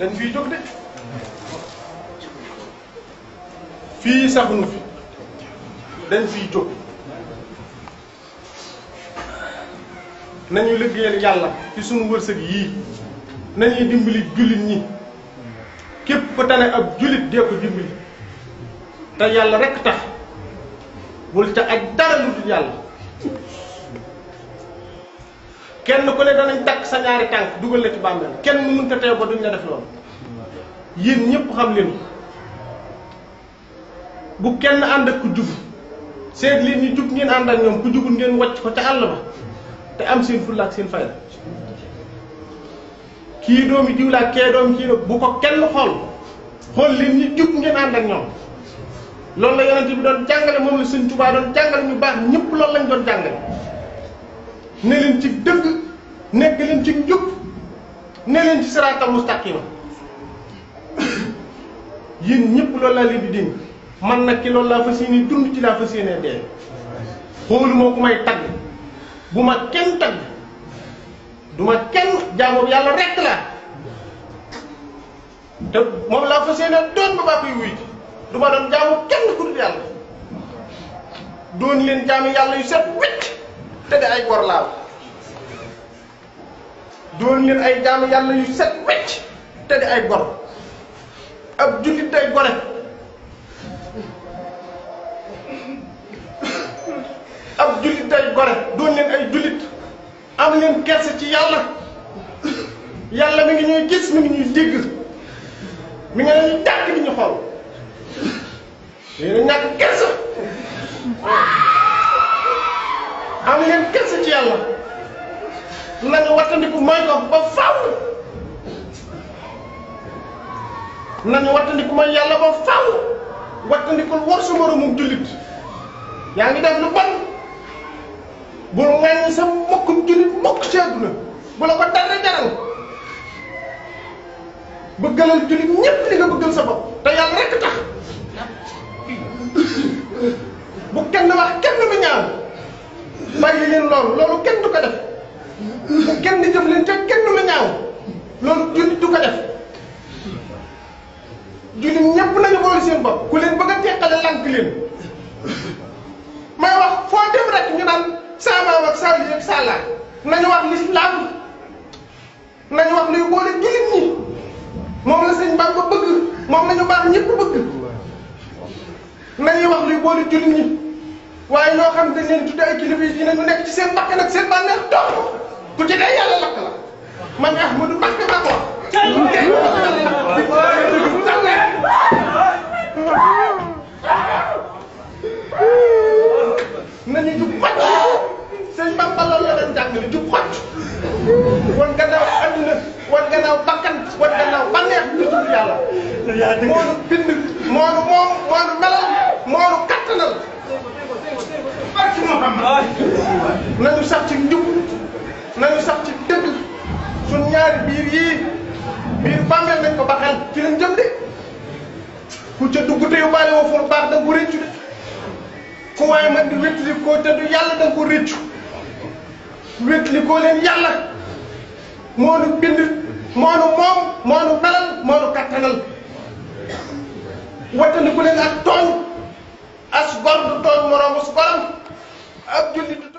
dañ fiy jóg de fii saxunu fi dañ fiy jóg nañu liggéeyal yàlla ci suñu wërsëg yii nañuy dimbali jullit ñi képp ku tane ab jullit dee ko dimbali te yàlla rekk tax bul ca aj dara lu dul yàlla kenn ku ne danañ takk sa ñaari tànk dugal na ci bàmmeel kenn mu mënta teew ba duñ la def loolu yéen ñëpp xam leen bu kenn ànd ak ku jub seet leen ñu jub ngeen ànd ak ñoom ku jubul ngeen wàcc ko ca àll ba te am seen fulla ak fay fayda kii doom diw laa kee doom kii bu ko kenn xool xool leen ñu jub ngeen ànd ak ñoom loolu la yonent bi doon jàngale moom la Sëñ Tuubaa doon jàngale ñu baax ñëpp loolu lañ doon jàngale ne leen ci dëgg nekk leen ci njub ne leen ci siraatal mustaqima yéen ñëpp loolu laa leen man na kilo loolu laa fas yéene dund ci laa fas yéene dee xoolu moo ko may tagg bu ma kenn tagg du ma kenn jaamu yàlla rekk laa te moom laa fas yéene doon ba baa koy wuy du ma doon jaamu kenn ku dul yàlla doon leen jaamu yàlla yu set wicc te de ay gor laal doon leen ay jaamu yàlla yu set wecc te de ay gor ab jullit day gore ab jullit day gore doon leen ay jullit am leen kerse ci yàlla yàlla ma ngi ñuy gis mi ngi ñuy dégg mi ngi leen di jàkk ñu xool yéen a ñàkk kerse jëm ci yàlla na wattandiku mooy ko ba faaw na wattandiku mooy yàlla ba faaw wattandikul war su moroomum jullit yaa ngi def lu bon bul ŋàññi sa mbokkum jullit mbokk ci àdduna bu la ko dara jaral bëggalal jullit ñépp li nga bëggal sa te yàlla rekk tax bu kenn wax leen loolu loolu kenn du ko def kenn di jëf leen te kenn du la ñaaw loolu jullit du ko def jullit ñëpp nañu boole seen bopp ku leen bëgg a teqale lànk leen may wax foo dem rek ñu naan saa maam ak saa lii ak nañu wax lislaam nañu wax luy boole jullit ñi moom la sëñ Bamba bëgg moom la ñu baax ñëpp bëgg nañuy wax luy boole jullit ñi. waaye loo xam dañ leen tuddee ay kilifa yi ne ñu nekk ci seen bakkan ak seen bànneex dox ku ci dee yàlla lakk la man Ahmadou Mbacké maa ko nañu jub xocc sëñ Bamba loolu la doon jàngale jub xocc wan gannaaw adduna wan gannaaw bakkan wan gannaaw bànneex ñu jub yàlla moo nu bind moo nu moom moo nañu sax ci njub nañu sax ci dëgg suñ ñaari biir yii biir bàmmeel nañ ko ba xel ci lañ jëm de ku ca dugg te yu bàyyi woo ful baax da ko réccu de ku waaye man di wétli te du yàlla da ko réccu wétli leen yàlla moo nu bind moo nu moom moo nu melal moo nu kattanal wattandi ku leen ak tooñ as tooñ moroomu su ab jullit